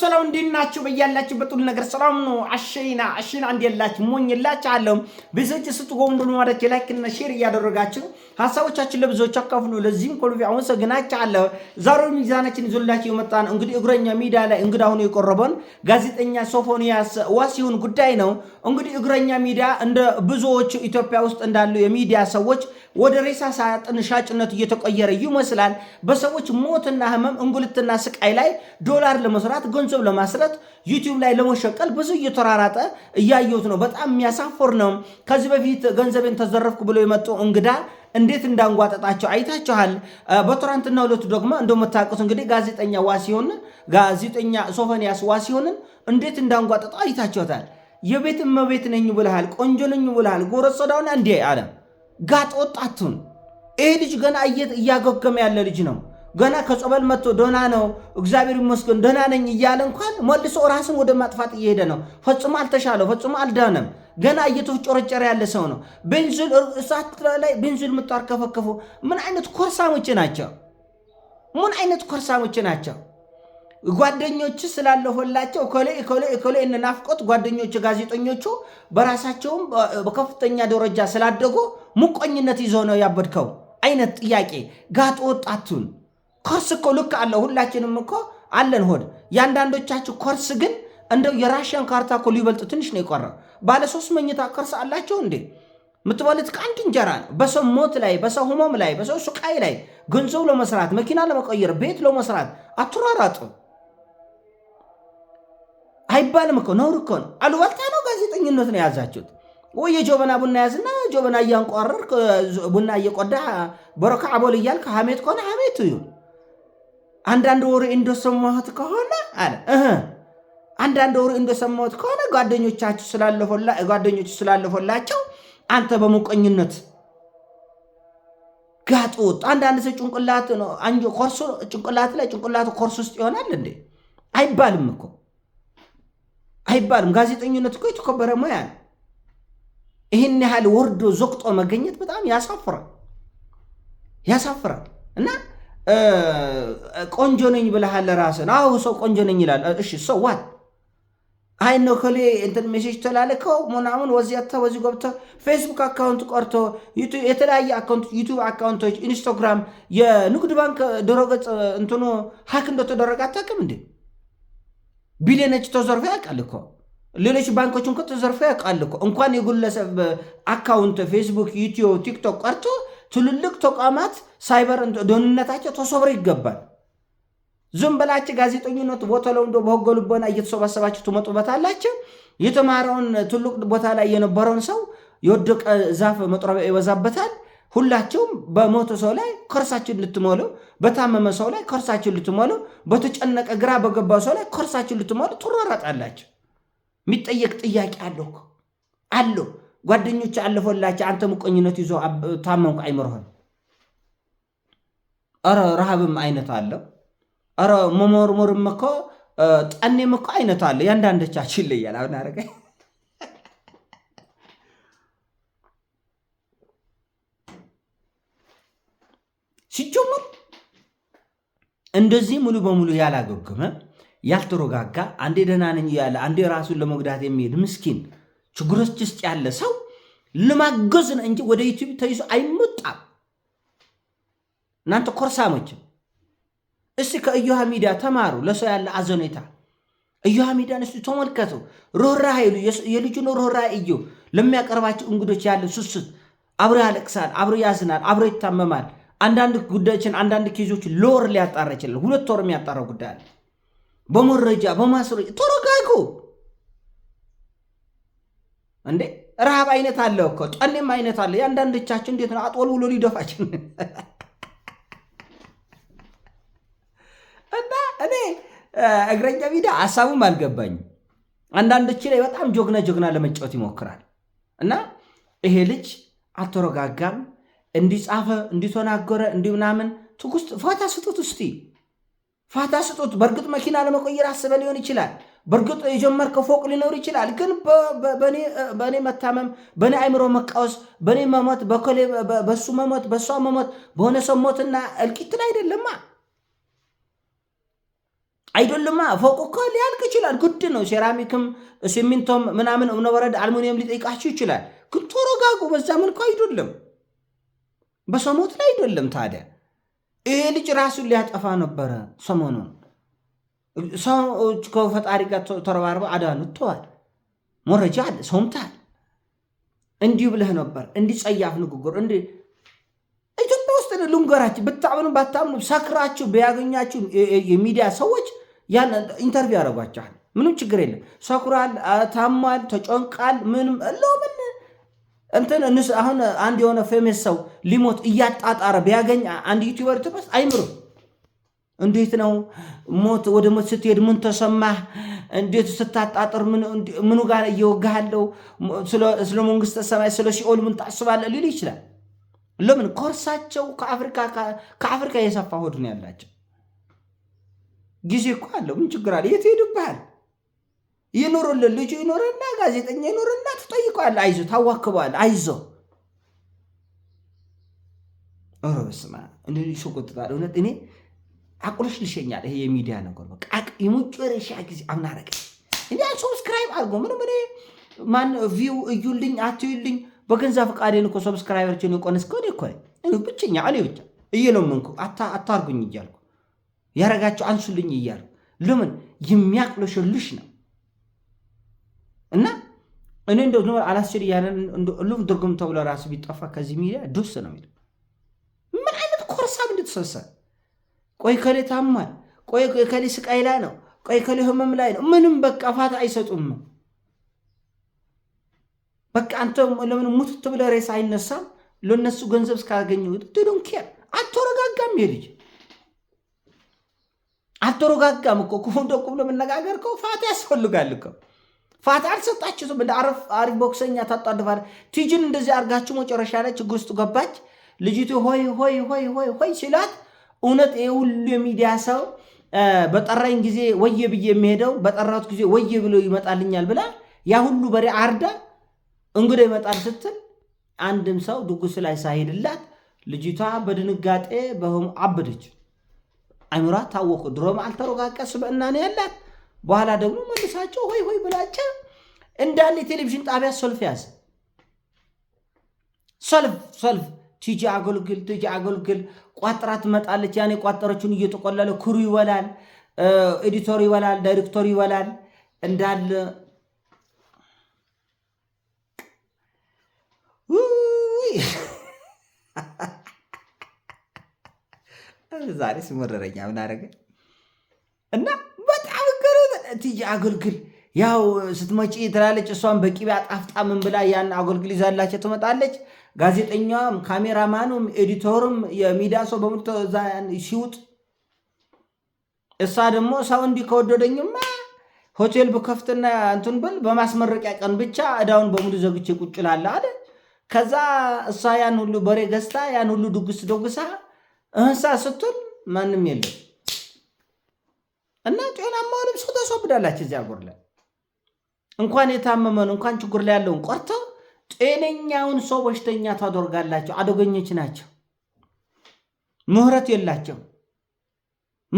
ሰላም እንዴት ናችሁ? በያላችሁበት ሁሉ ነገር ሰላም ነው። አሸይና አሸይና እንዲላች ሞኝላች አለም ብዙዎች ስትጎም እንደሆነ ማለት ላይክ እና ሼር እያደረጋችሁ ሀሳቦቻችን ለብዙዎች አካፍሉ። ለዚህም ኮልቪ አለ። ዛሬ ሚዛናችን ይዞላችሁ የመጣን እንግዲህ እግረኛ ሚዲያ ላይ እንግዲህ አሁን የቀረበን ጋዜጠኛ ሶፎንያስ ዋሲሁን ጉዳይ ነው። እንግዲህ እግረኛ ሚዲያ እንደ ብዙዎች ኢትዮጵያ ውስጥ እንዳሉ የሚዲያ ሰዎች ወደ ሬሳ ሳጥን ሻጭነት እየተቀየረ ይመስላል። በሰዎች ሞትና ህመም፣ እንጉልትና ስቃይ ላይ ዶላር ለመስራት ገንዘብ ለማስረት ዩቲዩብ ላይ ለመሸቀል ብዙ እየተራራጠ እያየሁት ነው። በጣም የሚያሳፍር ነው። ከዚህ በፊት ገንዘቤን ተዘረፍኩ ብሎ የመጡ እንግዳ እንዴት እንዳንጓጠጣቸው አይታችኋል። በትናንትና ሁለቱ ደግሞ እንደምታውቁት እንግዲህ ጋዜጠኛ ዋሲሁን ጋዜጠኛ ሶፎንያስ ዋሲሁንን እንዴት እንዳንጓጠጣ አይታችሁታል። የቤት እመቤት ነኝ ብልሃል፣ ቆንጆ ነኝ ብልሃል፣ ጎረሰዳውን እንዲህ አለም ጋጥ ወጣቱን ይሄ ልጅ ገና እያገገመ ያለ ልጅ ነው። ገና ከጸበል መጥቶ ደህና ነው እግዚአብሔር ይመስገን ደህና ነኝ እያለ እንኳን መልሶ ራስን ወደ ማጥፋት እየሄደ ነው። ፈጽሞ አልተሻለው፣ ፈጽሞ አልዳነም። ገና እየተጨረጨረ ያለ ሰው ነው። ቤንዚል እሳት ላይ ቤንዚል ምጣር ከፈከፉ ምን አይነት ኮርሳሞች ናቸው? ምን አይነት ኮርሳሞች ናቸው? ጓደኞች ስላለሆላቸው እከሌ እከሌ እከሌ ናፍቆት ጓደኞች ጋዜጠኞቹ በራሳቸውም በከፍተኛ ደረጃ ስላደጉ ሙቆኝነት ይዞ ነው ያበድከው አይነት ጥያቄ ጋጥ ወጣቱን ኮርስ እኮ ልክ አለው። ሁላችንም እኮ አለን ሆድ። የአንዳንዶቻችሁ ኮርስ ግን እንደው የራሽያን ካርታ እኮ ሊበልጥ ትንሽ ነው የቆረ። ባለ ሶስት መኝታ ኮርስ አላቸው እንዴ? የምትበሉት ከአንድ እንጀራ ነው። በሰው ሞት ላይ፣ በሰው ህመም ላይ፣ በሰው ሱቃይ ላይ ገንዘብ ለመስራት መኪና ለመቀየር ቤት ለመስራት አትሯራጡ። አይባልም እኮ ነውር እኮ ነው። አሉባልታ ነው፣ ጋዜጠኝነት ነው የያዛችሁት። ወይ የጆበና ቡና ያዝና ጆበና እያንቋረር ቡና እየቆዳ በረካ አቦል እያልክ ሐሜት ከሆነ ሐሜቱ ይሁን። አንዳንድ ወሬ እንደሰማሁት ከሆነ አለ አንዳንድ ወሬ እንደሰማሁት ከሆነ ጓደኞቻችሁ ጓደኞቹ ስላለፈላቸው አንተ በሙቀኝነት ጋጥ አንዳንድ ሰው ጭንቅላት ነው አንጆ ኮርሶ ጭንቅላት ላይ ጭንቅላቱ ኮርስ ውስጥ ይሆናል እንዴ? አይባልም እኮ አይባልም። ጋዜጠኝነት እኮ የተከበረ ሙያ ነው። ይህን ያህል ወርዶ ዘቅጦ መገኘት በጣም ያሳፍራል ያሳፍራል። እና ቆንጆ ነኝ ብለሃል ራስን። አዎ ሰው ቆንጆ ነኝ ይላል። እሺ ሰው ዋት አይ ነው ከሌ እንትን ሜሴጅ ተላለከው ምናምን ወዚህ አታ ገብተ ፌስቡክ አካውንት ቆርቶ የተለያየ አካውንት ዩቱብ አካውንቶች፣ ኢንስታግራም፣ የንግድ ባንክ ድረገጽ እንትኑ ሀክ እንደተደረገ አታውቅም እንዴ? ቢሊዮኖች ተዘርፎ ያውቃል እኮ ሌሎች ባንኮች እንኳ ተዘርፎ ያውቃል እኮ እንኳን የግለሰብ አካውንት ፌስቡክ፣ ዩቲዩብ፣ ቲክቶክ ቀርቶ ትልልቅ ተቋማት ሳይበር ደህንነታቸው ተሰብሮ ይገባል። ዝም በላችሁ ጋዜጠኝነት ቦታ ላይ እንደ በጎ ልቦና እየተሰባሰባችሁ ትመጡበታላችሁ። የተማረውን ትልቅ ቦታ ላይ የነበረውን ሰው የወደቀ ዛፍ መጥረቢያ ይበዛበታል። ሁላችሁም በሞተ ሰው ላይ ከርሳችሁን ልትሞሉ፣ በታመመ ሰው ላይ ከርሳችሁን ልትሞሉ፣ በተጨነቀ ግራ በገባ ሰው ላይ ከርሳችሁን ልትሞሉ ትሯሯጣላችሁ። የሚጠየቅ ጥያቄ አለው አለ። ጓደኞች አለፈላቸው። አንተ ምቀኝነት ይዞ ታመምኩ አይምርሆን። ኧረ ረሃብም አይነት አለው። ኧረ መሞርሞርም እኮ ጠኔም እኮ አይነት አለ። ያንዳንደቻችን ይለያል። አሁን አረገ እንደዚህ ሙሉ በሙሉ ያላገገመ ያልተረጋጋ፣ አንዴ ደህና ነኝ ያለ አንዴ ራሱን ለመጉዳት የሚሄድ ምስኪን ችግሮች ውስጥ ያለ ሰው ለማገዝ ነው እንጂ ወደ ዩቲዩብ ተይዞ አይመጣም። እናንተ ኮርሳሞች እስቲ ከእዮሃ ሚዲያ ተማሩ። ለሰው ያለ አዘኔታ እዮሃ ሚዲያን እስቲ ተመልከቱ። ርኅራኄ ይሉ የልጁን ሮራ እዩ። ለሚያቀርባቸው እንግዶች ያለ ስስት አብሮ ያለቅሳል፣ አብሮ ያዝናል፣ አብሮ ይታመማል። አንዳንድ ጉዳዮችን አንዳንድ ኬዞች ሎር ሊያጣራ ይችላል። ሁለት ወር የሚያጣራው ጉዳይ አለ። በመረጃ በማስረጃ ተረጋጉ እንዴ! ረሃብ አይነት አለ እኮ ጠኔም አይነት አለ። የአንዳንዶቻችን እንዴት ነው አጦል ውሎ ሊደፋችን እና እኔ እግረኛ ሜዳ ሀሳቡም አልገባኝም። አንዳንዶች ላይ በጣም ጆግና ጆግና ለመጫወት ይሞክራል እና ይሄ ልጅ አልተረጋጋም። እንዲጻፈ እንዲተናገረ እንዲምናምን ትኩስ ፋታ ስጡት። እስቲ ፋታ ስጡት። በእርግጥ መኪና ለመቆየር አስበ ሊሆን ይችላል። በእርግጥ የጀመርከ ፎቅ ሊኖር ይችላል። ግን በእኔ መታመም፣ በእኔ አይምሮ መቃወስ፣ በእኔ መሞት፣ በኮሌ በሱ መሞት፣ በሷ መሞት፣ በሆነ ሰው ሞትና እልቂት ላይ አይደለማ አይደሉማ ፎቁ እኮ ሊያልቅ ይችላል። ግድ ነው። ሴራሚክም፣ ሲሚንቶም ምናምን እብነበረድ፣ አልሙኒየም ሊጠይቃችሁ ይችላል። ግን ተረጋጉ። በዛ መልኩ አይደለም። በሰሞት ላይ አይደለም ታዲያ ይሄ ልጅ ራሱን ሊያጠፋ ነበረ። ሰሞኑን ሰው ከፈጣሪ ጋር ተረባርበ አዳኑት ተዋል። መረጃ አለ፣ ሰምታል። እንዲህ ብለህ ነበር፣ እንዲህ ጸያፍ ንግግር እንዲህ ኢትዮጵያ ውስጥ ልንገራችሁ፣ ብታምኑ ባታምኑ ሰክራችሁ ቢያገኛችሁ የሚዲያ ሰዎች ያን ኢንተርቪው ያደርጓቸዋል። ምንም ችግር የለም። ሰኩራል፣ ታሟል፣ ተጨንቃል፣ ምንም ለምን እንትን እንስ አሁን አንድ የሆነ ፌሜስ ሰው ሊሞት እያጣጣረ ቢያገኝ አንድ ዩቲዩበር ትበስ አይምሩ እንዴት ነው ሞት ወደ ሞት ስትሄድ ምን ተሰማህ? እንዴት ስታጣጥር ምኑ ጋር እየወጋሃለው? ስለ መንግስተ ሰማይ ስለ ሲኦል ምን ታስባለህ ሊል ይችላል። ለምን ኮርሳቸው ከአፍሪካ የሰፋ ሆድ ነው ያላቸው። ጊዜ እኮ አለው። ምን ችግር አለ? የት ሄድብሃል? ይኑርልን። ልጁ ይኑርና ጋዜጠኛ ይኑርና ትጠይቋል። አይዞ ታዋክበዋል። አይዞ ኧረ በስመ አብ እንደ እውነት እኔ አቁለሽ ልሸኛል። ይሄ የሚዲያ ነገር በቃ የመጨረሻ ጊዜ አምናረግ እኔ አንሶብስክራይብ አድርጎ ምንም እኔ ማን ቪው እዩልኝ አትዩልኝ በገንዛ ፈቃዴን እኮ ሰብስክራይበርችን ቆነስከሆን እኔ እኮ ብቸኛ እኔ ብቻ እየለመንኩ አታርጉኝ እያልኩ ያረጋቸው አንሱልኝ እያልኩ ለምን የሚያቅለሸልሽ ነው እኔ እንደ አላስችል እያለን ሁሉም ድርጉም ተብሎ ራሱ ቢጠፋ ከዚህ ሚዲያ ዱስ ነው የሚለው። ምን አይነት ኮርሳብ እንድትሰሰ ቆይ ከሌ ታሟል፣ ቆይ ከሌ ስቃይ ላይ ነው፣ ቆይ ከሌ ህመም ላይ ነው። ምንም በቃ ፋታ አይሰጡም። በቃ አንተ ለምን ሙትት ብለህ ሬስ አይነሳም? ለነሱ ገንዘብ እስካገኘ ዶን ኬር። አልተረጋጋም፣ የልጅ አልተረጋጋም እኮ ኩም ለመነጋገር ፋታ ያስፈልጋል እኮ ፋታ አልሰጣችሁትም። እንደ አሪፍ ቦክሰኛ ታጣድፋል። ቲጅን እንደዚህ አርጋችሁ መጨረሻ ላይ ችግር ውስጥ ገባች ልጅቱ። ሆይ ሆይ ሆይ ሆይ ሆይ ሲላት እውነት የሁሉ የሚዲያ ሰው በጠራኝ ጊዜ ወየ ብዬ የሚሄደው በጠራት ጊዜ ወየ ብሎ ይመጣልኛል ብላ ያ ሁሉ በሬ አርዳ እንግዳ ይመጣል ስትል አንድም ሰው ድጉስ ላይ ሳይሄድላት ልጅቷ በድንጋጤ በሆኑ አበደች። አይምሯ ታወቁ። ድሮም አልተረጋቀ ስብዕና ነው ያላት። በኋላ ደግሞ መልሳቸው ሆይ ሆይ ብላቸ እንዳለ የቴሌቪዥን ጣቢያ ሰልፍ ያዝ ሰልፍ ሰልፍ ቲጂ አገልግል ቲጂ አገልግል ቋጥራ ትመጣለች። ያኔ ቋጠረችን እየተቆለለ ክሩ ይበላል፣ ኤዲቶር ይበላል፣ ዳይሬክቶር ይበላል እንዳለ ዛሬ ሲመረረኛ ምን አደረገ እና በጣም እትዬ አገልግል ያው ስትመጪ ትላለች። እሷን በቂቤ አጣፍጣ ምን ብላ ያን አገልግል ይዛላቸው ትመጣለች። ጋዜጠኛዋም ካሜራማኑም ኤዲተሩም የሚዲያ ሰው በሙሉ ሲውጥ፣ እሷ ደግሞ ሰው እንዲህ ከወደደኝማ ሆቴል ብከፍትና እንትን ብል በማስመረቂያ ቀን ብቻ እዳውን በሙሉ ዘግቼ ቁጭ እላለሁ አለ። ከዛ እሷ ያን ሁሉ በሬ ገዝታ ያን ሁሉ ድግስ ደግሳ እህንሳ ስትል ማንም የለም። እና ጤናማውን ሰው ታስወብዳላችሁ። እዚያ አገር ላይ እንኳን የታመመን እንኳን ችግር ላይ ያለውን ቆርተው ጤነኛውን ሰው በሽተኛ ታደርጋላቸው። አደገኞች ናቸው። ምህረት የላቸው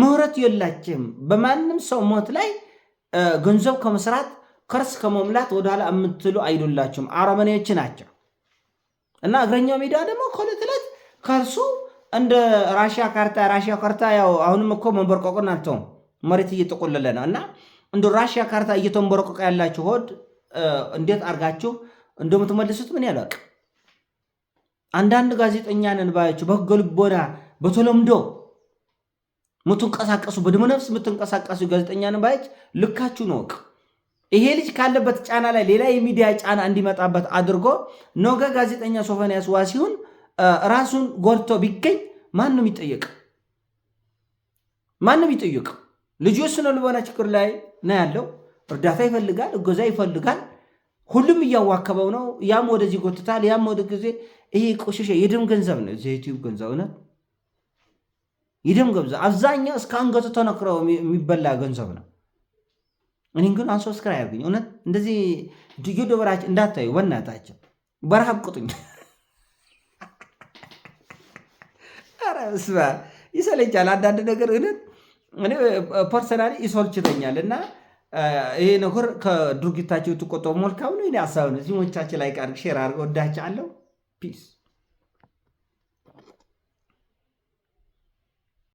ምህረት የላችም። በማንም ሰው ሞት ላይ ገንዘብ ከመስራት ከርስ ከመሙላት ወደኋላ የምትሉ አይደላችሁም። አረመኔዎች ናቸው እና እግረኛው ሜዳ ደግሞ ከዕለት ዕለት እንደ ራሽያ ካርታ ራሽያ ካርታ ያው አሁንም እኮ መንበርቆቁን አልተውም መሬት እየጠቆለለ ነው እና እንደ ራሽያ ካርታ እየተንበረቀቀ ያላችሁ ሆድ እንዴት አርጋችሁ እንደምትመልሱት ምን ያለቅ አንዳንድ ጋዜጠኛ ነን ባያችሁ በህገ ልቦና በተለምዶ ምትንቀሳቀሱ በደመ ነፍስ የምትንቀሳቀሱ ጋዜጠኛ ነን ባያች ልካችሁ ነው። ይሄ ልጅ ካለበት ጫና ላይ ሌላ የሚዲያ ጫና እንዲመጣበት አድርጎ ነገ ጋዜጠኛ ሶፈንያስ ዋ ሲሆን ራሱን ጎድቶ ቢገኝ ማንም ይጠየቅ፣ ማንም ይጠየቅ። ልጁ ስነ ልቦና ችግር ላይ ነው ያለው። እርዳታ ይፈልጋል፣ እገዛ ይፈልጋል። ሁሉም እያዋከበው ነው። ያም ወደዚህ ጎትታል፣ ያም ወደ ጊዜ ይሄ ቆሸሸ። የደም ገንዘብ ነው እዚህ ዩቲዩብ ገንዘብ ነው፣ የደም ገንዘብ አብዛኛው እስከ አንገቱ ተነክረው የሚበላ ገንዘብ ነው። እኔ ግን አንሶ አንሶስክራ ያገኝ እውነት እንደዚህ ደበራቸው እንዳታዩ በእናታቸው በረሃብ ቁጡኝ። ኧረ ይሰለቻል አንዳንድ ነገር እውነት እኔ ፐርሰናሊ ይሰልችተኛል እና ይሄ ነገር ከድርጊታቸው የተቆጠቡ መልካም ነው። ሀሳብ ነው። እዚህ ሞቻችን ላይ ቃር ሼር አድርገው ወዳች አለው ፒስ